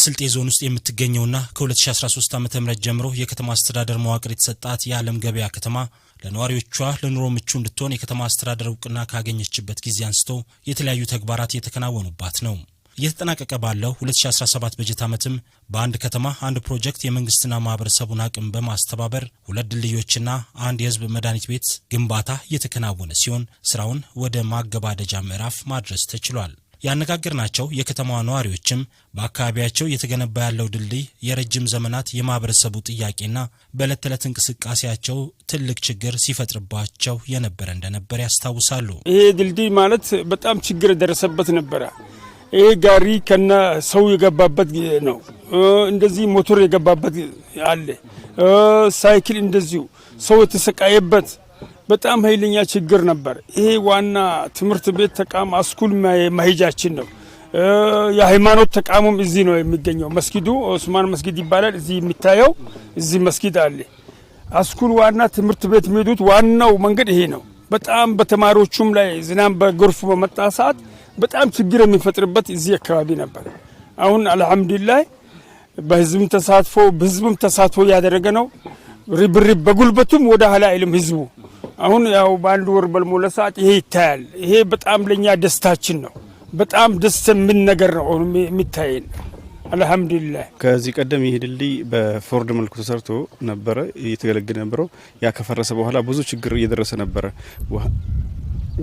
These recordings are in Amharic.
በስልጤ ዞን ውስጥ የምትገኘውና ከ2013 ዓ ም ጀምሮ የከተማ አስተዳደር መዋቅር የተሰጣት የዓለም ገበያ ከተማ ለነዋሪዎቿ ለኑሮ ምቹ እንድትሆን የከተማ አስተዳደር እውቅና ካገኘችበት ጊዜ አንስቶ የተለያዩ ተግባራት የተከናወኑባት ነው። እየተጠናቀቀ ባለው 2017 በጀት ዓመትም በአንድ ከተማ አንድ ፕሮጀክት የመንግስትና ማህበረሰቡን አቅም በማስተባበር ሁለት ድልድዮችና አንድ የህዝብ መድኃኒት ቤት ግንባታ እየተከናወነ ሲሆን ስራውን ወደ ማገባደጃ ምዕራፍ ማድረስ ተችሏል። ያነጋገርናቸው የከተማዋ ነዋሪዎችም በአካባቢያቸው እየተገነባ ያለው ድልድይ የረጅም ዘመናት የማህበረሰቡ ጥያቄና በዕለት ተዕለት እንቅስቃሴያቸው ትልቅ ችግር ሲፈጥርባቸው የነበረ እንደነበር ያስታውሳሉ። ይሄ ድልድይ ማለት በጣም ችግር የደረሰበት ነበረ። ይሄ ጋሪ ከነ ሰው የገባበት ነው። እንደዚህ ሞቶር የገባበት አለ። ሳይክል እንደዚሁ ሰው የተሰቃየበት በጣም ኃይለኛ ችግር ነበር። ይሄ ዋና ትምህርት ቤት ተቃም አስኩል መሄጃችን ነው። የሃይማኖት ተቃሙም እዚህ ነው የሚገኘው። መስጊዱ ኦስማን መስጊድ ይባላል። እዚህ የሚታየው እዚህ መስጊድ አለ። አስኩል ዋና ትምህርት ቤት የሚሄዱት ዋናው መንገድ ይሄ ነው። በጣም በተማሪዎቹም ላይ ዝናብ በጎርፍ በመጣ ሰዓት በጣም ችግር የሚፈጥርበት እዚህ አካባቢ ነበር። አሁን አልሐምዱሊላህ በህዝብም ተሳትፎ በህዝብም ተሳትፎ እያደረገ ነው። ርብርብ በጉልበቱም ወደ ኋላ አይልም ህዝቡ አሁን ያው በአንድ ወር በልሞለ ሰዓት ይሄ ይታያል። ይሄ በጣም ለእኛ ደስታችን ነው። በጣም ደስ የሚል ነገር ነው የሚታየን። አልሐምዱሊላህ ከዚህ ቀደም ይህ ድልድይ በፎርድ መልኩ ተሰርቶ ነበረ እየተገለገለ ነበረው። ያ ከፈረሰ በኋላ ብዙ ችግር እየደረሰ ነበረ።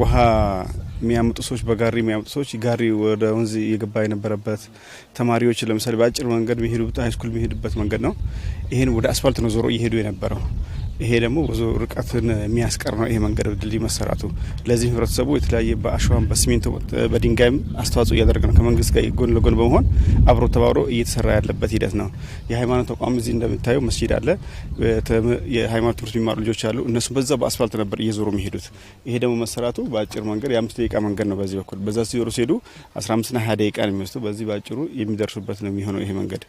ውሃ የሚያመጡ ሰዎች በጋሪ የሚያመጡ ሰዎች ጋሪ ወደ ወንዝ እየገባ የነበረበት ተማሪዎች ለምሳሌ በአጭር መንገድ የሚሄዱበት ሃይስኩል የሚሄዱበት መንገድ ነው። ይህን ወደ አስፋልት ነው ዞሮ እየሄዱ የነበረው ይሄ ደግሞ ብዙ ርቀትን የሚያስቀር ነው። ይሄ መንገድ ድልድይ መሰራቱ ለዚህ ህብረተሰቡ የተለያየ በአሸዋም፣ በስሜንቶ በድንጋይም አስተዋጽኦ እያደረገ ነው። ከመንግስት ጋር ጎን ለጎን በመሆን አብሮ ተባብሮ እየተሰራ ያለበት ሂደት ነው። የሃይማኖት ተቋም እዚህ እንደምታየው መስጂድ አለ። የሃይማኖት ትምህርት የሚማሩ ልጆች አሉ። እነሱም በዛ በአስፋልት ነበር እየዞሩ የሚሄዱት። ይሄ ደግሞ መሰራቱ በአጭር መንገድ የአምስት ደቂቃ መንገድ ነው። በዚህ በኩል በዛ ሲዞሩ ሲሄዱ 15 አምስትና ሀያ ደቂቃ ነው የሚወስዱ። በዚህ በአጭሩ የሚደርሱበት ነው የሚሆነው ይሄ መንገድ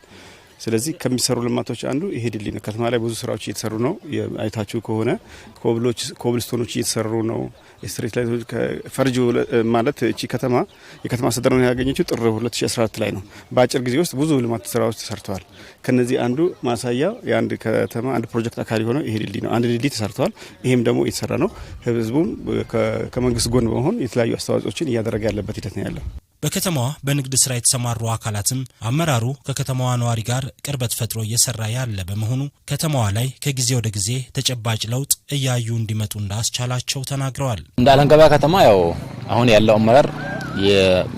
ስለዚህ ከሚሰሩ ልማቶች አንዱ ይሄ ድልድይ ነው። ከተማ ላይ ብዙ ስራዎች እየተሰሩ ነው። አይታችሁ ከሆነ ኮብልስቶኖች እየተሰሩ ነው። ስትሪት ላይቶች ፈርጅ ማለት እቺ ከተማ የከተማ አስተዳደር ነው ያገኘችው ጥር 2014 ላይ ነው። በአጭር ጊዜ ውስጥ ብዙ ልማት ስራዎች ተሰርተዋል። ከነዚህ አንዱ ማሳያ የአንድ ከተማ አንድ ፕሮጀክት አካል የሆነው ይሄ ድልድይ ነው። አንድ ድልድይ ተሰርተዋል። ይሄም ደግሞ እየተሰራ ነው። ህዝቡም ከመንግስት ጎን በመሆን የተለያዩ አስተዋጽኦችን እያደረገ ያለበት ሂደት ነው ያለው። በከተማዋ በንግድ ስራ የተሰማሩ አካላትም አመራሩ ከከተማዋ ነዋሪ ጋር ቅርበት ፈጥሮ እየሰራ ያለ በመሆኑ ከተማዋ ላይ ከጊዜ ወደ ጊዜ ተጨባጭ ለውጥ እያዩ እንዲመጡ እንዳስቻላቸው ተናግረዋል። እንደ አለንገባ ከተማ ያው አሁን ያለው አመራር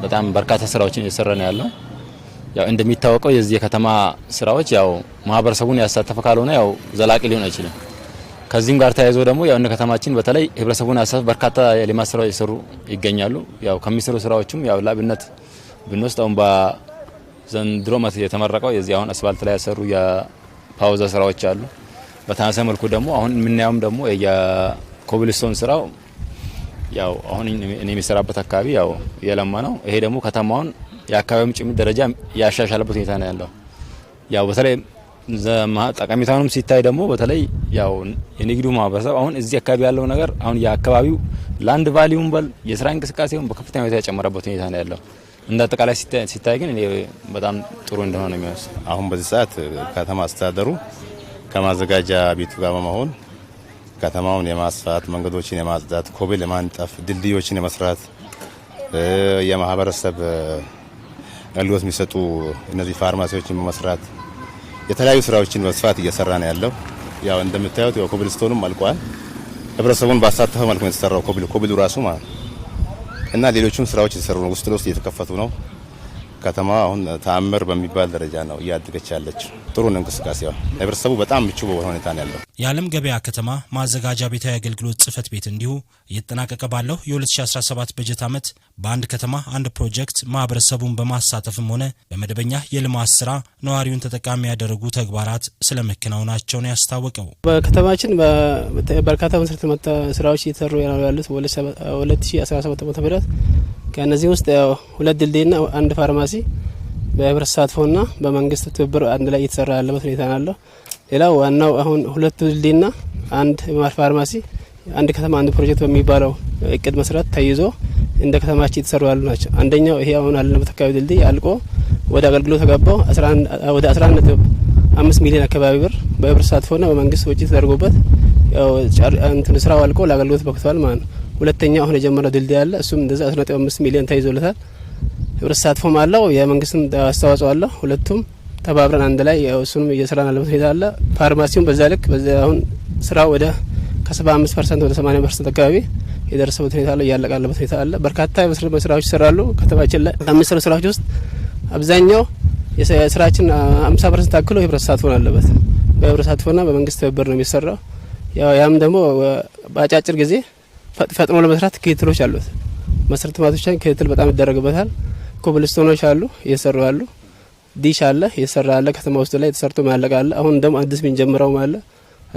በጣም በርካታ ስራዎችን እየሰራ ነው ያለው። ያው እንደሚታወቀው የዚህ የከተማ ስራዎች ያው ማህበረሰቡን ያሳተፈ ካልሆነ ያው ዘላቂ ሊሆን አይችልም። ከዚህም ጋር ተያይዞ ደግሞ ያው እንደ ከተማችን በተለይ ህብረተሰቡን ያሳተፈ በርካታ የልማት ስራ እየሰሩ ይገኛሉ። ያው ከሚሰሩ ስራዎችም ያው ለአብነት ብንወስድ አሁን በዘንድሮ መት የተመረቀው የዚህ አሁን አስፋልት ላይ ያሰሩ የፓውዘ ስራዎች አሉ። በተናሰ መልኩ ደግሞ አሁን የምናየውም ደግሞ የኮብልስቶን ስራው ያው አሁን እኔ የሚሰራበት አካባቢ ያው እየለማ ነው። ይሄ ደግሞ ከተማውን የአካባቢውም ጭምር ደረጃ ያሻሻለበት ሁኔታ ነው ያለው ያው በተለይ ጠቀሜታውንም ሲታይ ደግሞ በተለይ ያው የንግዱ ማህበረሰብ አሁን እዚህ አካባቢ ያለው ነገር አሁን የአካባቢው ላንድ ቫሊዩም በል የስራ እንቅስቃሴውን በከፍተኛ ሁኔታ የጨመረበት ሁኔታ ነው ያለው። እንደ አጠቃላይ ሲታይ ግን እኔ በጣም ጥሩ እንደሆነ የሚወስ አሁን በዚህ ሰዓት ከተማ አስተዳደሩ ከማዘጋጃ ቤቱ ጋር በመሆን ከተማውን የማስፋት መንገዶችን የማጽዳት ኮብል የማንጠፍ ድልድዮችን የመስራት የማህበረሰብ አገልግሎት የሚሰጡ እነዚህ ፋርማሲዎችን በመስራት የተለያዩ ስራዎችን በስፋት እየሰራ ነው ያለው። ያው እንደምታዩት ያው ኮብልስቶኑም አልቋል። ህብረተሰቡን ባሳተፈ መልኩ ነው የተሰራው ኮብል ኮብሉ ራሱ ማለት እና ሌሎችም ስራዎች የተሰሩ ነው። ውስጥ ለውስጥ እየተከፈቱ ነው። ከተማ አሁን ተአምር በሚባል ደረጃ ነው እያደገች ያለች። ጥሩ ነው እንቅስቃሴዋ። ህብረተሰቡ በጣም ምቹ ሁኔታ ነው ያለው። የዓለም ገበያ ከተማ ማዘጋጃ ቤታዊ አገልግሎት ጽህፈት ቤት እንዲሁ እየተጠናቀቀ ባለው የ2017 በጀት ዓመት በአንድ ከተማ አንድ ፕሮጀክት ማህበረሰቡን በማሳተፍም ሆነ በመደበኛ የልማት ስራ ነዋሪውን ተጠቃሚ ያደረጉ ተግባራት ስለመከናወናቸው ነው ያስታወቀው። በከተማችን በርካታ መሰረተ ልማት ስራዎች እየተሰሩ ያሉት 2017 ዓ.ም ከነዚህ ውስጥ ያው ሁለት ድልድይና አንድ ፋርማሲ በህብረት ተሳትፎና በመንግስት ትብብር አንድ ላይ እየተሰራ ያለበት ሁኔታ ናለው። ሌላው ዋናው አሁን ሁለቱ ድልድይና አንድ ፋርማሲ አንድ ከተማ አንድ ፕሮጀክት በሚባለው እቅድ መሰረት ተይዞ እንደ ከተማችን የተሰሩ ያሉ ናቸው። አንደኛው ይሄ አሁን አለንበት አካባቢ ድልድይ አልቆ ወደ አገልግሎት ተገባው ወደ 11 አምስት ሚሊዮን አካባቢ ብር በህብረት ተሳትፎና በመንግስት ወጪ ተደርጎበት ስራው አልቆ ለአገልግሎት በክቷል ማለት ነው። ሁለተኛ አሁን የጀመረው ድልድይ አለ። እሱም እንደዛ 15 ሚሊዮን ተይዞለታል። ህብረት ተሳትፎም አለው የመንግስትም አስተዋጽኦ አለ። ሁለቱም ተባብረን አንድ ላይ እሱንም እየሰራን ያለበት ሁኔታ አለ። ፋርማሲውም በዛ ልክ አሁን ስራ ወደ ከ75 ፐርሰንት ወደ 80 ፐርሰንት አካባቢ የደረሰበት ሁኔታ አለ። እያለቃለበት ሁኔታ አለ። በርካታ ስራዎች ይሰራሉ። ከተማችን ላይ ከሚሰሩ ስራዎች ውስጥ አብዛኛው የስራችን 50 ፐርሰንት አክሎ ህብረት ተሳትፎ አለበት። በህብረት ተሳትፎና በመንግስት ትብብር ነው የሚሰራው። ያም ደግሞ በአጫጭር ጊዜ ፈጥኖ ለመስራት ክትሎች አሉት። መሰረተ ልማቶች ክትል በጣም ይደረግበታል። ኮብልስቶኖች አሉ እየሰሩ አሉ። ዲሽ አለ እየሰራ አለ። ከተማ ውስጥ ላይ ተሰርቶ ማለቅ አለ። አሁን ደግሞ አዲስ የምንጀምረው አለ።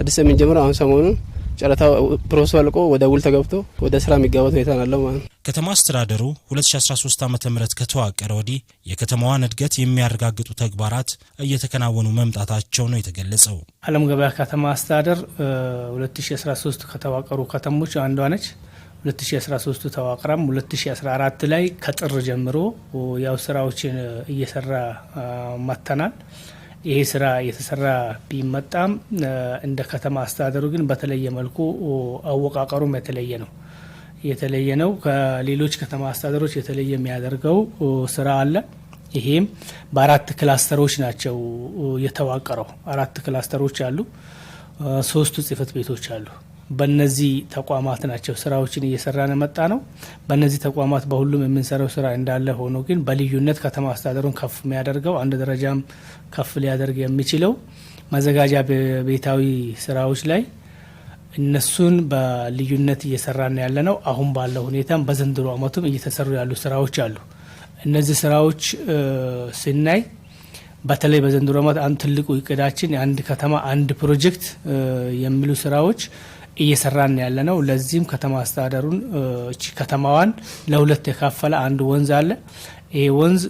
አዲስ የምንጀምረው አሁን ሰሞኑን ጨረታ ፕሮሰስ አልቆ ወደ ውል ተገብቶ ወደ ስራ የሚገባት ሁኔታ ናለው ማለት ነው። ከተማ አስተዳደሩ 2013 ዓ ም ከተዋቀረ ወዲህ የከተማዋን እድገት የሚያረጋግጡ ተግባራት እየተከናወኑ መምጣታቸው ነው የተገለጸው። አለም ገበያ ከተማ አስተዳደር 2013 ከተዋቀሩ ከተሞች አንዷ ነች። 2013 ተዋቅራም 2014 ላይ ከጥር ጀምሮ ያው ስራዎችን እየሰራ ማተናል። ይሄ ስራ የተሰራ ቢመጣም እንደ ከተማ አስተዳደሩ ግን በተለየ መልኩ አወቃቀሩም የተለየ ነው የተለየ ነው። ከሌሎች ከተማ አስተዳደሮች የተለየ የሚያደርገው ስራ አለ። ይሄም በአራት ክላስተሮች ናቸው የተዋቀረው። አራት ክላስተሮች አሉ። ሶስቱ ጽህፈት ቤቶች አሉ። በነዚህ ተቋማት ናቸው ስራዎችን እየሰራን መጣ ነው። በነዚህ ተቋማት በሁሉም የምንሰራው ስራ እንዳለ ሆኖ ግን በልዩነት ከተማ አስተዳደሩን ከፍ የሚያደርገው አንድ ደረጃም ከፍ ሊያደርግ የሚችለው መዘጋጃ ቤታዊ ስራዎች ላይ እነሱን በልዩነት እየሰራን ያለ ነው። አሁን ባለው ሁኔታም በዘንድሮ አመቱም እየተሰሩ ያሉ ስራዎች አሉ። እነዚህ ስራዎች ስናይ በተለይ በዘንድሮ አመት አንድ ትልቁ እቅዳችን የአንድ ከተማ አንድ ፕሮጀክት የሚሉ ስራዎች እየሰራን ያለ ነው። ለዚህም ከተማ አስተዳደሩን ከተማዋን ለሁለት የካፈለ አንድ ወንዝ አለ። ይህ ወንዝ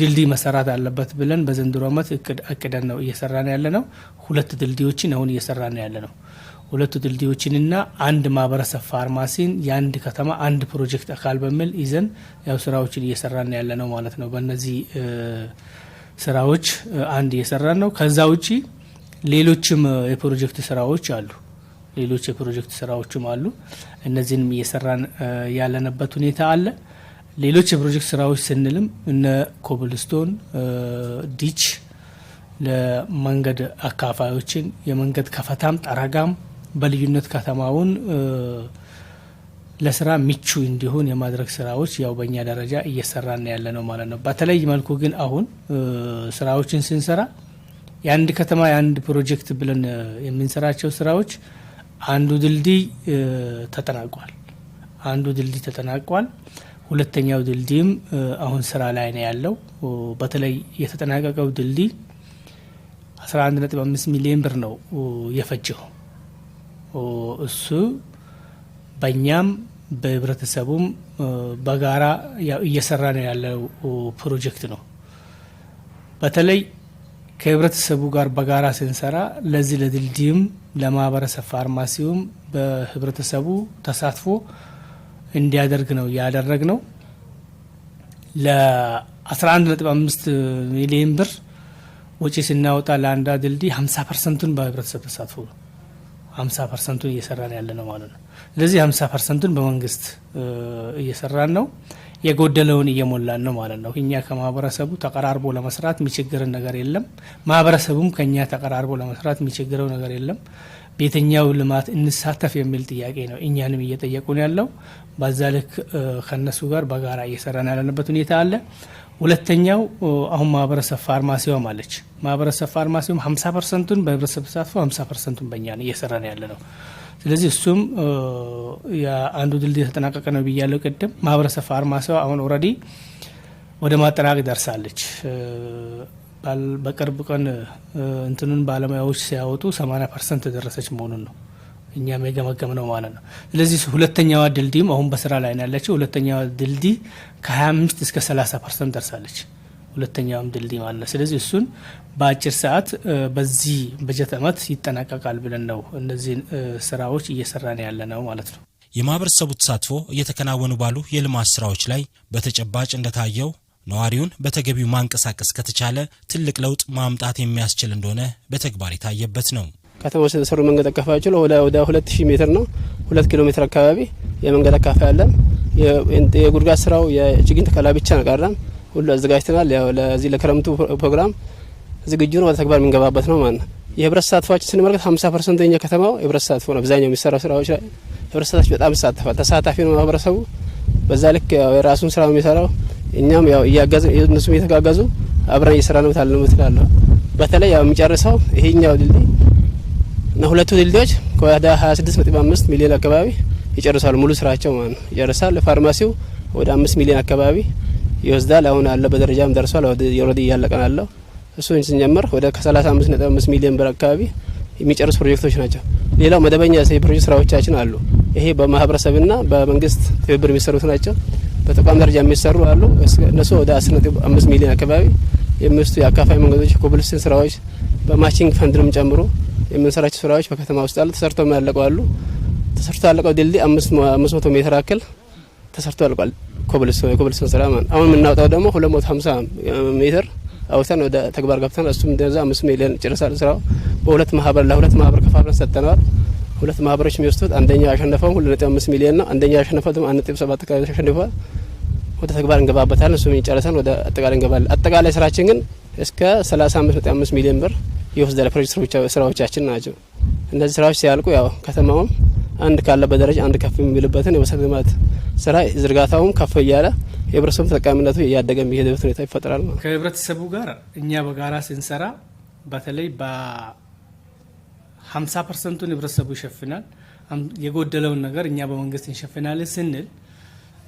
ድልድይ መሰራት አለበት ብለን በዘንድሮ ዓመት እቅደን ነው እየሰራን ያለ ነው። ሁለት ድልድዮችን አሁን እየሰራን ያለ ነው። ሁለቱ ድልድዮችንና አንድ ማህበረሰብ ፋርማሲን የአንድ ከተማ አንድ ፕሮጀክት አካል በሚል ይዘን ያው ስራዎችን እየሰራን ያለ ነው ማለት ነው። በእነዚህ ስራዎች አንድ እየሰራን ነው። ከዛ ውጪ ሌሎችም የፕሮጀክት ስራዎች አሉ። ሌሎች የፕሮጀክት ስራዎችም አሉ። እነዚህንም እየሰራን ያለንበት ሁኔታ አለ። ሌሎች የፕሮጀክት ስራዎች ስንልም እነ ኮብልስቶን ዲች ለመንገድ አካፋዮችን የመንገድ ከፈታም ጠረጋም በልዩነት ከተማውን ለስራ ምቹ እንዲሆን የማድረግ ስራዎች ያው በእኛ ደረጃ እየሰራን ያለ ነው ማለት ነው። በተለይ መልኩ ግን አሁን ስራዎችን ስንሰራ የአንድ ከተማ የአንድ ፕሮጀክት ብለን የምንሰራቸው ስራዎች አንዱ ድልድይ ተጠናቋል። አንዱ ድልድይ ተጠናቋል። ሁለተኛው ድልድይም አሁን ስራ ላይ ነው ያለው። በተለይ የተጠናቀቀው ድልድይ 11.5 ሚሊዮን ብር ነው የፈጀው። እሱ በእኛም በህብረተሰቡም በጋራ እየሰራ ነው ያለው ፕሮጀክት ነው። በተለይ ከህብረተሰቡ ጋር በጋራ ስንሰራ ለዚህ ለድልድይም ለማህበረሰብ ፋርማሲውም በህብረተሰቡ ተሳትፎ እንዲያደርግ ነው ያደረግ ነው። ለ11.5 ሚሊዮን ብር ወጪ ስናወጣ ለአንዳ ድልድይ 50 ፐርሰንቱን በህብረተሰብ ተሳትፎ ነው። 50 ፐርሰንቱን እየሰራን ያለ ነው ማለት ነው። ለዚህ 50 ፐርሰንቱን በመንግስት እየሰራን ነው። የጎደለውን እየሞላን ነው ማለት ነው። እኛ ከማህበረሰቡ ተቀራርቦ ለመስራት የሚቸግርን ነገር የለም። ማህበረሰቡም ከኛ ተቀራርቦ ለመስራት የሚቸግረው ነገር የለም። ቤተኛው ልማት እንሳተፍ የሚል ጥያቄ ነው እኛንም እየጠየቁን ያለው። በዛ ልክ ከነሱ ጋር በጋራ እየሰራን ያለንበት ሁኔታ አለ። ሁለተኛው አሁን ማህበረሰብ ፋርማሲውም አለች። ማህበረሰብ ፋርማሲውም 50 ፐርሰንቱን በህብረተሰብ ተሳትፎ 50 ፐርሰንቱን በእኛ እየሰራን ያለ ነው። ስለዚህ እሱም የአንዱ ድልድይ ተጠናቀቀ ነው ብያለው ቅድም። ማህበረሰብ ፋርማሲዋ አሁን ኦልሬዲ ወደ ማጠናቀቅ ደርሳለች። በቅርብ ቀን እንትኑን ባለሙያዎች ሲያወጡ 80 ፐርሰንት የደረሰች መሆኑን ነው እኛም የገመገም ነው ማለት ነው። ስለዚህ ሁለተኛዋ ድልድይም አሁን በስራ ላይ ያለችው ሁለተኛዋ ድልድይ ከ25 እስከ 30 ፐርሰንት ደርሳለች። ሁለተኛውም ድልድይ አለ። ስለዚህ እሱን በአጭር ሰዓት በዚህ በጀት ዓመት ይጠናቀቃል ብለን ነው እነዚህን ስራዎች እየሰራን ያለ ነው ማለት ነው። የማህበረሰቡ ተሳትፎ እየተከናወኑ ባሉ የልማት ስራዎች ላይ በተጨባጭ እንደታየው ነዋሪውን በተገቢው ማንቀሳቀስ ከተቻለ ትልቅ ለውጥ ማምጣት የሚያስችል እንደሆነ በተግባር የታየበት ነው። ከተማ የተሰሩ መንገድ አካፋያችን ወደ 2000 ሜትር ነው። ሁለት ኪሎ ሜትር አካባቢ የመንገድ አካፋ ያለን የጉድጋ ስራው የችግኝ ተከላ ብቻ ነቀረም ሁሉ አዘጋጅተናል። ያው ለዚህ ለክረምቱ ፕሮግራም ዝግጁ ነው፣ ወደ የምንገባበት ነው ማለት ነው። የህብረት ተሳትፏችን ስንመለከት ሀምሳ ፐርሰንት የኛ ከተማው የህብረት ተሳትፎ ነው። አብዛኛው የሚሰራው ስራዎች ላይ ህብረት ተሳትፎ በጣም ይሳተፋል፣ ተሳታፊ ነው ማህበረሰቡ። በዛ ልክ የራሱን ስራ ነው የሚሰራው። እኛም ያው እያጋዘ እነሱም እየተጋጋዙ አብረን እየሰራ ነው ታለ ነው ትላለሁ። በተለይ ያው የሚጨርሰው ይሄኛው ድልድይ እና ሁለቱ ድልድዮች ከወደ 26.5 ሚሊዮን አካባቢ ይጨርሳሉ። ሙሉ ስራቸው ማለት ነው ይጨርሳል። ፋርማሲው ወደ አምስት ሚሊዮን አካባቢ ይወስዳል። አሁን ያለበት ደረጃም ደርሷል። የወረድ እያለቀን አለው እሱን ስንጀምር ወደ ከ35.5 ሚሊዮን ብር አካባቢ የሚጨርሱ ፕሮጀክቶች ናቸው። ሌላው መደበኛ የፕሮጀክት ስራዎቻችን አሉ። ይሄ በማህበረሰብና በመንግስት ትብብር የሚሰሩት ናቸው። በተቋም ደረጃ የሚሰሩ አሉ። እነሱ ወደ 10.5 ሚሊዮን አካባቢ የሚወስዱ የአካፋይ መንገዶች፣ ኮብልስትን ስራዎች በማቺንግ ፈንድንም ጨምሮ የምንሰራቸው ስራዎች በከተማ ውስጥ አሉ። ተሰርተው ያለቀው አሉ። ተሰርቶ ያለቀው ድልድይ 500 ሜትር ያክል ተሰርቶ ያልቋል። ኮብልስቶን ስራ ማለት አሁን የምናወጣው ደግሞ ሁለት መቶ ሀምሳ ሜትር አውተን ወደ ተግባር ገብተን እሱም እንደዛ አምስት ሚሊዮን ጨርሳል። ስራው በሁለት ማህበር ለሁለት ማህበር ከፋፍለን ሰጥተነዋል። ሁለት ማህበሮች የሚወስዱት አንደኛው ያሸነፈው ሁለት ነጥብ አምስት ሚሊዮን ነው። አንደኛው ያሸነፈው ደግሞ አንድ ነጥብ ሰባት አካባቢ ያሸንፏል። ወደ ተግባር እንገባበታለን። እሱም ጨርሰን ወደ አጠቃላይ እንገባለን። አጠቃላይ ስራችን ግን እስከ ሰላሳ አምስት ነጥብ አምስት ሚሊዮን ብር ይወስዳል። ፕሮጀክት ስራዎቻችን ናቸው። እነዚህ ስራዎች ሲያልቁ ያው ከተማውም አንድ ካለበት ደረጃ አንድ ከፍ የሚልበትን የመሰረተ ልማት ስራ ዝርጋታውም ከፍ እያለ የህብረተሰቡ ተጠቃሚነቱ እያደገ የሚሄድበት ሁኔታ ይፈጠራል። ከህብረተሰቡ ጋር እኛ በጋራ ስንሰራ በተለይ በ50 ፐርሰንቱን ህብረተሰቡ ይሸፍናል። የጎደለውን ነገር እኛ በመንግስት እንሸፍናለን ስንል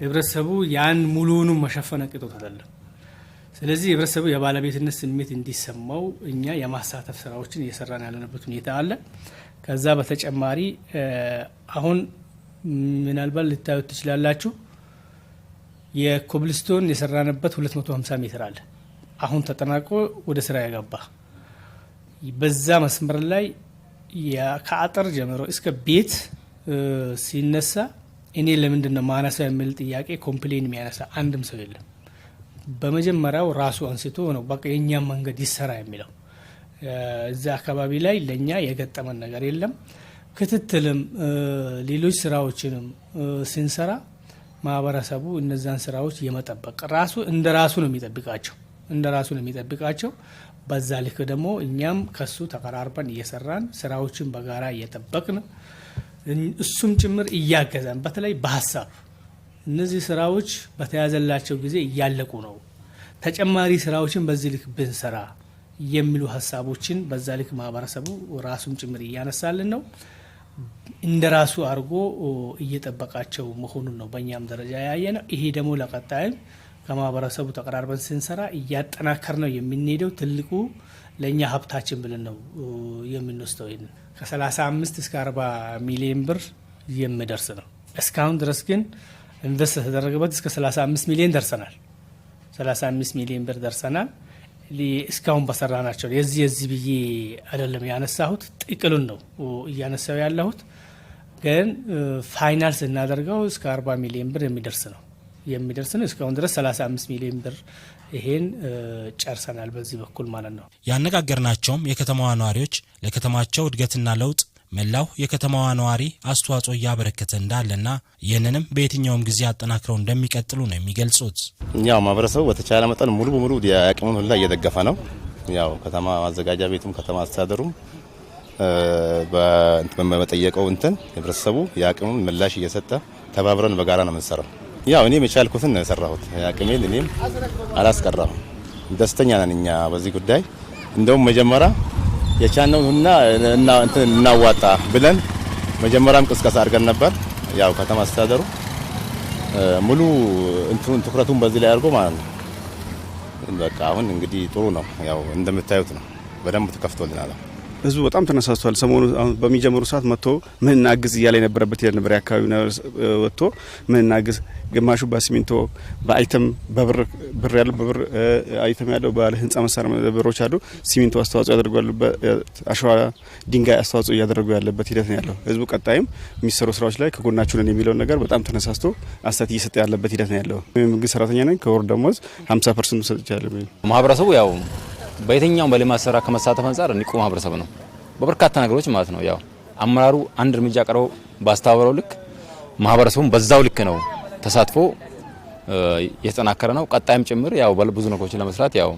ህብረተሰቡ ያን ሙሉውኑ መሸፈን አቅቶት አይደለም። ስለዚህ ህብረተሰቡ የባለቤትነት ስሜት እንዲሰማው እኛ የማሳተፍ ስራዎችን እየሰራን ያለንበት ሁኔታ አለ። ከዛ በተጨማሪ አሁን ምናልባት ልታዩት ትችላላችሁ። የኮብልስቶን የሰራንበት 250 ሜትር አለ። አሁን ተጠናቆ ወደ ስራ ያገባ በዛ መስመር ላይ ከአጥር ጀምሮ እስከ ቤት ሲነሳ እኔ ለምንድን ነው ማነሳው የሚል ጥያቄ ኮምፕሌን የሚያነሳ አንድም ሰው የለም። በመጀመሪያው ራሱ አንስቶ ነው በቃ የእኛም መንገድ ይሰራ የሚለው። እዚ አካባቢ ላይ ለእኛ የገጠመን ነገር የለም። ክትትልም ሌሎች ስራዎችንም ስንሰራ ማህበረሰቡ እነዛን ስራዎች የመጠበቅ ራሱ እንደ ራሱ ነው የሚጠብቃቸው እንደ ራሱ ነው የሚጠብቃቸው። በዛ ልክ ደግሞ እኛም ከሱ ተቀራርበን እየሰራን ስራዎችን በጋራ እየጠበቅን እሱም ጭምር እያገዛን በተለይ በሀሳብ እነዚህ ስራዎች በተያዘላቸው ጊዜ እያለቁ ነው፣ ተጨማሪ ስራዎችን በዚህ ልክ ብንሰራ የሚሉ ሀሳቦችን በዛ ልክ ማህበረሰቡ ራሱም ጭምር እያነሳልን ነው። እንደ ራሱ አድርጎ እየጠበቃቸው መሆኑን ነው በእኛም ደረጃ ያየ ነው። ይሄ ደግሞ ለቀጣይም ከማህበረሰቡ ተቀራርበን ስንሰራ እያጠናከር ነው የምንሄደው። ትልቁ ለእኛ ሀብታችን ብለን ነው የምንወስደው። ይህንን ከ35 እስከ 40 ሚሊዮን ብር የሚደርስ ነው። እስካሁን ድረስ ግን ኢንቨስት ተደረገበት እስከ 35 ሚሊዮን ደርሰናል። 35 ሚሊዮን ብር ደርሰናል። እስካሁን በሰራ ናቸው የዚህ የዚህ ብዬ አይደለም ያነሳሁት፣ ጥቅሉን ነው እያነሳው ያለሁት። ግን ፋይናል ስናደርገው እስከ 40 ሚሊዮን ብር የሚደርስ ነው የሚደርስ ነው። እስካሁን ድረስ 35 ሚሊዮን ብር ይሄን ጨርሰናል በዚህ በኩል ማለት ነው። ያነጋገርናቸውም የከተማዋ ነዋሪዎች ለከተማቸው እድገትና ለውጥ መላው የከተማዋ ነዋሪ አስተዋጽኦ እያበረከተ እንዳለና ይህንንም በየትኛውም ጊዜ አጠናክረው እንደሚቀጥሉ ነው የሚገልጹት። ያው ማህበረሰቡ በተቻለ መጠን ሙሉ በሙሉ የአቅሙን ሁላ እየደገፈ ነው። ያው ከተማ ማዘጋጃ ቤቱም ከተማ አስተዳደሩም በመጠየቀው እንትን ህብረተሰቡ የአቅሙን ምላሽ እየሰጠ ተባብረን በጋራ ነው የምንሰራው። ያው እኔም የቻልኩትን ነው የሰራሁት። አቅሜን እኔም አላስቀራሁም። ደስተኛ ነን እኛ በዚህ ጉዳይ እንደውም መጀመሪያ የቻነውና እናዋጣ ብለን መጀመሪያም ቅስቀሳ አድርገን ነበር። ያው ከተማ አስተዳደሩ ሙሉ እንትኑን ትኩረቱን በዚህ ላይ አድርጎ ማለት ነው። በቃ አሁን እንግዲህ ጥሩ ነው። ያው እንደምታዩት ነው። በደንብ ተከፍቶልናል። ህዝቡ በጣም ተነሳስቷል። ሰሞኑ በሚጀምሩ ሰዓት መጥቶ ምን እናግዝ እያለ የነበረበት ሄደ ነበር። የአካባቢ ወጥቶ ምን እናግዝ፣ ግማሹ በሲሚንቶ በአይተም በብር ብር ያለው በብር አይተም ያለው ባለ ህንጻ መሳሪያ ብሮች አሉ። ሲሚንቶ አስተዋጽኦ ያደርጉ ያሉበት፣ አሸዋ ድንጋይ አስተዋጽኦ እያደረጉ ያለበት ሂደት ነው ያለው። ህዝቡ ቀጣይም የሚሰሩ ስራዎች ላይ ከጎናችሁ ነን የሚለውን ነገር በጣም ተነሳስቶ አስተያየት እየሰጠ ያለበት ሂደት ነው ያለው። መንግስት ሰራተኛ ነኝ ከወር ደሞዝ ሀምሳ ፐርሰንቱ ሰጥቻለሁ። ማህበረሰቡ ያው በየትኛውም በልማት ስራ ከመሳተፍ አንጻር ንቁ ማህበረሰብ ነው በበርካታ ነገሮች ማለት ነው። ያው አመራሩ አንድ እርምጃ ቀርቦ ባስተባበረው ልክ ማህበረሰቡም በዛው ልክ ነው ተሳትፎ የተጠናከረ ነው። ቀጣይም ጭምር ያው ብዙ ነገሮችን ለመስራት ያው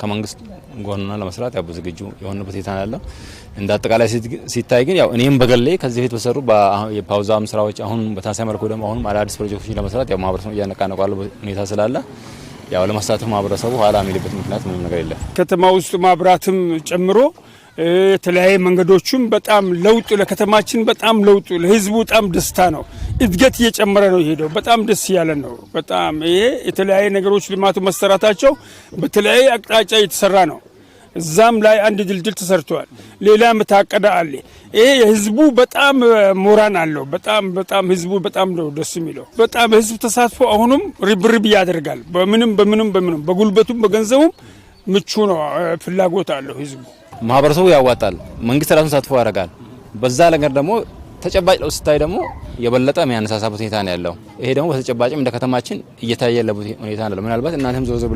ከመንግስት ጎንና ለመስራት ያው ዝግጁ የሆነበት ሁኔታ ያለው እንደ አጠቃላይ ሲታይ ግን ያው እኔም በገሌ ከዚህ በፊት በሰሩ የፓውዛም ስራዎች አሁን በታሳይ መልኩ ደግሞ አሁን አዳዲስ ፕሮጀክቶች ለመስራት ያው ማህበረሰቡ እያነቃነቋለ ሁኔታ ስላለ ያው ለማሳተፍ ማህበረሰቡ ኋላ የሚልበት ምክንያት ምንም ነገር የለም። ከተማ ውስጥ ማብራትም ጨምሮ የተለያየ መንገዶቹም በጣም ለውጥ ለከተማችን በጣም ለውጡ ለህዝቡ በጣም ደስታ ነው። እድገት እየጨመረ ነው የሄደው። በጣም ደስ እያለ ነው። በጣም ይሄ የተለያየ ነገሮች ልማቱ መሰራታቸው በተለያየ አቅጣጫ እየተሰራ ነው። እዛም ላይ አንድ ድልድል ተሰርቷል። ሌላ ምታቀደ አለ። ይሄ ህዝቡ በጣም ሞራን አለው። በጣም በጣም ህዝቡ በጣም ነው ደስ የሚለው። በጣም ህዝብ ተሳትፎ አሁንም ርብርብ ያደርጋል። በምንም በምንም በምንም በጉልበቱም በገንዘቡም ምቹ ነው። ፍላጎት አለው ህዝቡ። ማህበረሰቡ ያዋጣል፣ መንግስት ራሱን ተሳትፎ ያደርጋል። በዛ ነገር ደግሞ ተጨባጭ ለውጥ ስታይ ደግሞ የበለጠ የሚያነሳሳበት ሁኔታ ነው ያለው። ይሄ ደግሞ በተጨባጭም እንደ ከተማችን እየታየ ያለበት ሁኔታ ነው። ምናልባት እናንተም ዞር ዞር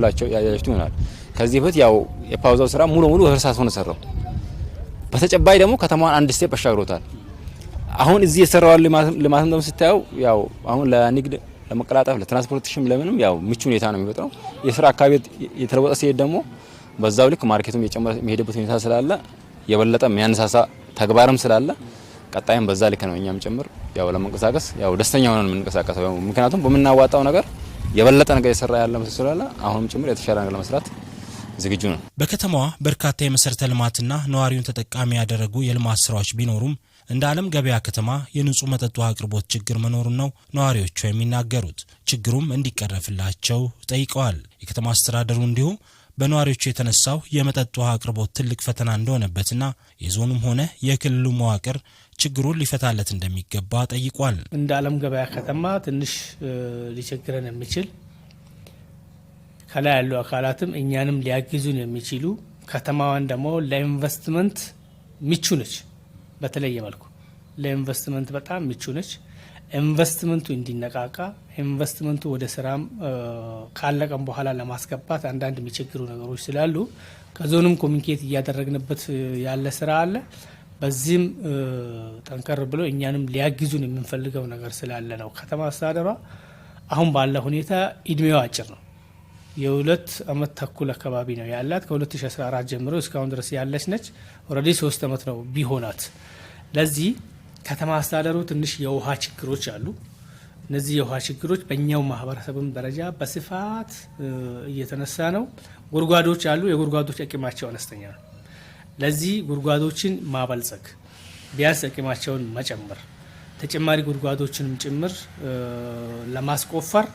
ይሆናል። ከዚህ በፊት ያው የፓውዛው ስራ ሙሉ ሙሉ እርሳስ ሆነ ሰራው። በተጨባጭ ደግሞ ከተማዋን አንድ ስቴፕ አሻግሮታል። አሁን እዚህ የሰራው ልማትም ደግሞ ስታየው ያው አሁን ለንግድ ለመቀላጠፍ ለትራንስፖርቴሽን ለምንም ያው ምቹ ሁኔታ ነው የሚፈጥረው። የስራ አካባቢ የተለወጠ ሲሄድ ደግሞ በዛው ልክ ማርኬቱም የጨመረ የሚሄድበት ሁኔታ ስላለ የበለጠ የሚያነሳሳ ተግባርም ስላለ ቀጣይም በዛ ልክ ነው እኛም ጭምር ያው ለመንቀሳቀስ ያው ደስተኛ ሆነን የምንቀሳቀሰው ምክንያቱም በምናዋጣው ነገር የበለጠ ነገር የሰራ ያለ ስላለ አሁንም ጭምር የተሻለ ነገር ለመስራት ዝግጁ ነው። በከተማዋ በርካታ የመሰረተ ልማትና ነዋሪውን ተጠቃሚ ያደረጉ የልማት ስራዎች ቢኖሩም እንደ ዓለም ገበያ ከተማ የንጹህ መጠጥ ውሃ አቅርቦት ችግር መኖሩን ነው ነዋሪዎቹ የሚናገሩት። ችግሩም እንዲቀረፍላቸው ጠይቀዋል። የከተማ አስተዳደሩ እንዲሁ በነዋሪዎቹ የተነሳው የመጠጥ ውሃ አቅርቦት ትልቅ ፈተና እንደሆነበትና የዞኑም ሆነ የክልሉ መዋቅር ችግሩን ሊፈታለት እንደሚገባ ጠይቋል። እንደ ዓለም ገበያ ከተማ ትንሽ ሊቸግረን የሚችል ከላይ ያሉ አካላትም እኛንም ሊያግዙን የሚችሉ ከተማዋን ደግሞ ለኢንቨስትመንት ምቹ ነች። በተለየ መልኩ ለኢንቨስትመንት በጣም ምቹ ነች። ኢንቨስትመንቱ እንዲነቃቃ ኢንቨስትመንቱ ወደ ስራም ካለቀም በኋላ ለማስገባት አንዳንድ የሚቸግሩ ነገሮች ስላሉ ከዞንም ኮሚኒኬት እያደረግንበት ያለ ስራ አለ። በዚህም ጠንከር ብሎ እኛንም ሊያግዙን የምንፈልገው ነገር ስላለ ነው። ከተማ አስተዳደሯ አሁን ባለ ሁኔታ እድሜዋ አጭር ነው። የሁለት አመት ተኩል አካባቢ ነው ያላት። ከ2014 ጀምሮ እስካሁን ድረስ ያለች ነች። ኦልሬዲ ሶስት አመት ነው ቢሆናት። ለዚህ ከተማ አስተዳደሩ ትንሽ የውሃ ችግሮች አሉ። እነዚህ የውሃ ችግሮች በእኛው ማህበረሰብም ደረጃ በስፋት እየተነሳ ነው። ጉድጓዶች አሉ። የጉድጓዶች አቅማቸው አነስተኛ ነው። ለዚህ ጉድጓዶችን ማበልጸግ፣ ቢያንስ አቅማቸውን መጨመር፣ ተጨማሪ ጉድጓዶችንም ጭምር ለማስቆፈር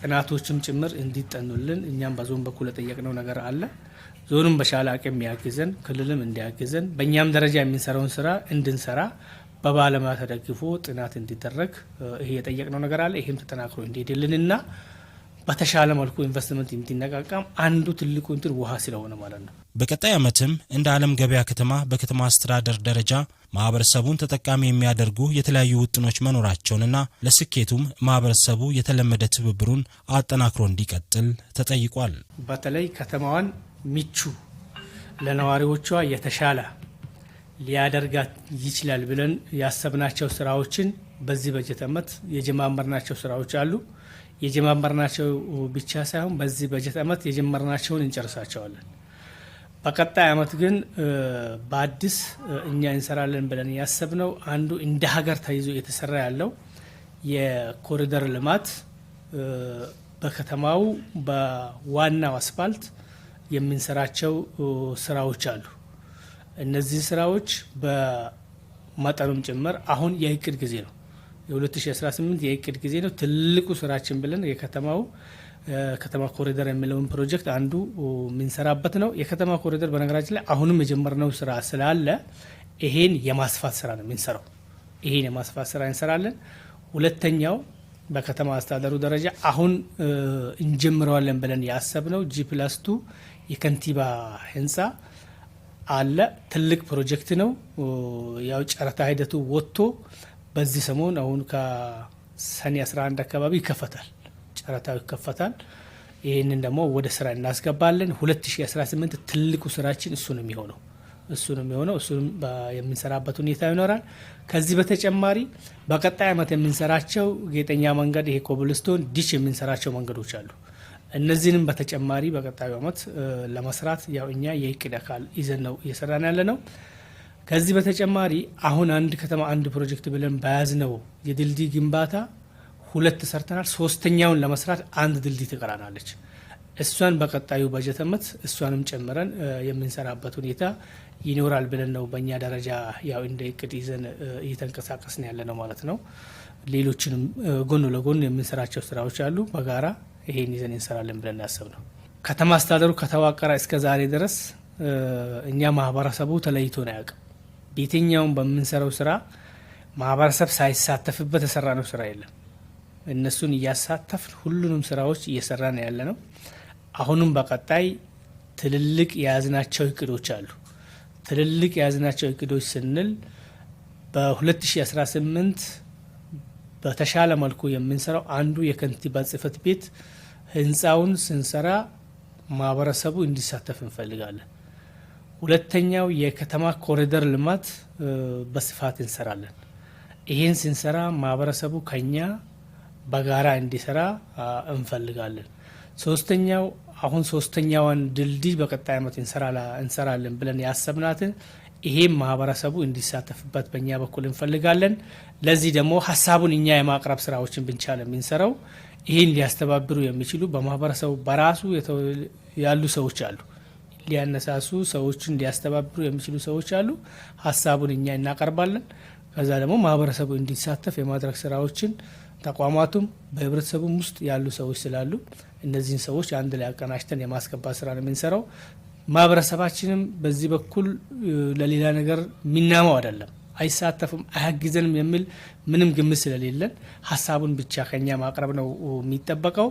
ጥናቶችም ጭምር እንዲጠኑልን እኛም በዞን በኩል የጠየቅነው ነገር አለ። ዞኑም በሻለ አቅም የሚያግዘን ክልልም እንዲያግዘን በእኛም ደረጃ የሚንሰራውን ስራ እንድንሰራ በባለሙያ ተደግፎ ጥናት እንዲደረግ ይሄ የጠየቅነው ነገር አለ። ይህም ተጠናክሮ እንዲሄድልንና በተሻለ መልኩ ኢንቨስትመንት የምትነቃቃም አንዱ ትልቁ እንትን ውሃ ስለሆነ ማለት ነው። በቀጣይ ዓመትም እንደ ዓለም ገበያ ከተማ በከተማ አስተዳደር ደረጃ ማህበረሰቡን ተጠቃሚ የሚያደርጉ የተለያዩ ውጥኖች መኖራቸውንና ለስኬቱም ማህበረሰቡ የተለመደ ትብብሩን አጠናክሮ እንዲቀጥል ተጠይቋል። በተለይ ከተማዋን ምቹ ለነዋሪዎቿ የተሻለ ሊያደርጋት ይችላል ብለን ያሰብናቸው ስራዎችን በዚህ በጀት ዓመት የጀማመርናቸው ስራዎች አሉ። የጀማመርናቸው ብቻ ሳይሆን በዚህ በጀት ዓመት የጀመርናቸውን እንጨርሳቸዋለን። በቀጣይ ዓመት ግን በአዲስ እኛ እንሰራለን ብለን ያሰብነው አንዱ እንደ ሀገር ተይዞ እየተሰራ ያለው የኮሪደር ልማት በከተማው በዋናው አስፋልት የምንሰራቸው ስራዎች አሉ። እነዚህ ስራዎች በመጠኑም ጭምር አሁን የእቅድ ጊዜ ነው። የ2018 የእቅድ ጊዜ ነው። ትልቁ ስራችን ብለን የከተማው ከተማ ኮሪደር የሚለውን ፕሮጀክት አንዱ የምንሰራበት ነው። የከተማ ኮሪደር በነገራችን ላይ አሁንም የጀመርነው ስራ ስላለ ይሄን የማስፋት ስራ ነው የምንሰራው። ይሄን የማስፋት ስራ እንሰራለን። ሁለተኛው በከተማ አስተዳደሩ ደረጃ አሁን እንጀምረዋለን ብለን ያሰብነው ጂ ፕላስ ቱ የከንቲባ ህንፃ አለ። ትልቅ ፕሮጀክት ነው። ያው ጨረታ ሂደቱ ወጥቶ በዚህ ሰሞን አሁን ከሰኔ 11 አካባቢ ይከፈታል፣ ጨረታው ይከፈታል። ይህንን ደግሞ ወደ ስራ እናስገባለን። 2018 ትልቁ ስራችን እሱ ነው የሚሆነው እሱ ነው የሚሆነው። እሱንም የምንሰራበት ሁኔታ ይኖራል። ከዚህ በተጨማሪ በቀጣይ ዓመት የምንሰራቸው ጌጠኛ መንገድ ይሄ ኮብልስቶን ዲች የምንሰራቸው መንገዶች አሉ። እነዚህንም በተጨማሪ በቀጣዩ ዓመት ለመስራት ያው እኛ የእቅድ አካል ይዘን ነው እየሰራን ያለ ነው። ከዚህ በተጨማሪ አሁን አንድ ከተማ አንድ ፕሮጀክት ብለን በያዝነው የድልድይ ግንባታ ሁለት ሰርተናል። ሶስተኛውን ለመስራት አንድ ድልድይ ትቀራናለች። እሷን በቀጣዩ በጀት ዓመት እሷንም ጨምረን የምንሰራበት ሁኔታ ይኖራል ብለን ነው በእኛ ደረጃ ያው እንደ እቅድ ይዘን እየተንቀሳቀስን ያለ ነው ማለት ነው። ሌሎችንም ጎን ለጎን የምንሰራቸው ስራዎች አሉ። በጋራ ይሄን ይዘን እንሰራለን ብለን ያሰብ ነው። ከተማ አስተዳደሩ ከተዋቀረ እስከ ዛሬ ድረስ እኛ ማህበረሰቡ ተለይቶ ነው የትኛውን በምንሰራው ስራ ማህበረሰብ ሳይሳተፍበት የሰራ ነው ስራ የለም። እነሱን እያሳተፍ ሁሉንም ስራዎች እየሰራ ነው ያለ ነው። አሁንም በቀጣይ ትልልቅ የያዝናቸው እቅዶች አሉ። ትልልቅ የያዝናቸው እቅዶች ስንል በ2018 በተሻለ መልኩ የምንሰራው አንዱ የከንቲባ ጽህፈት ቤት ህንፃውን ስንሰራ ማህበረሰቡ እንዲሳተፍ እንፈልጋለን። ሁለተኛው የከተማ ኮሪደር ልማት በስፋት እንሰራለን። ይህን ስንሰራ ማህበረሰቡ ከኛ በጋራ እንዲሰራ እንፈልጋለን። ሶስተኛው አሁን ሶስተኛዋን ድልድይ በቀጣይ ዓመት እንሰራለን ብለን ያሰብናትን ይሄም ማህበረሰቡ እንዲሳተፍበት በእኛ በኩል እንፈልጋለን። ለዚህ ደግሞ ሀሳቡን እኛ የማቅረብ ስራዎችን ብንቻል ነው የምንሰራው። ይህን ሊያስተባብሩ የሚችሉ በማህበረሰቡ በራሱ ያሉ ሰዎች አሉ። ሊያነሳሱ ሰዎችን ሊያስተባብሩ የሚችሉ ሰዎች አሉ። ሀሳቡን እኛ እናቀርባለን። ከዛ ደግሞ ማህበረሰቡ እንዲሳተፍ የማድረግ ስራዎችን ተቋማቱም በህብረተሰቡም ውስጥ ያሉ ሰዎች ስላሉ እነዚህን ሰዎች አንድ ላይ አቀናጅተን የማስገባት ስራ ነው የምንሰራው። ማህበረሰባችንም በዚህ በኩል ለሌላ ነገር የሚናመው አይደለም። አይሳተፍም፣ አያግዘንም የሚል ምንም ግምት ስለሌለን ሀሳቡን ብቻ ከኛ ማቅረብ ነው የሚጠበቀው።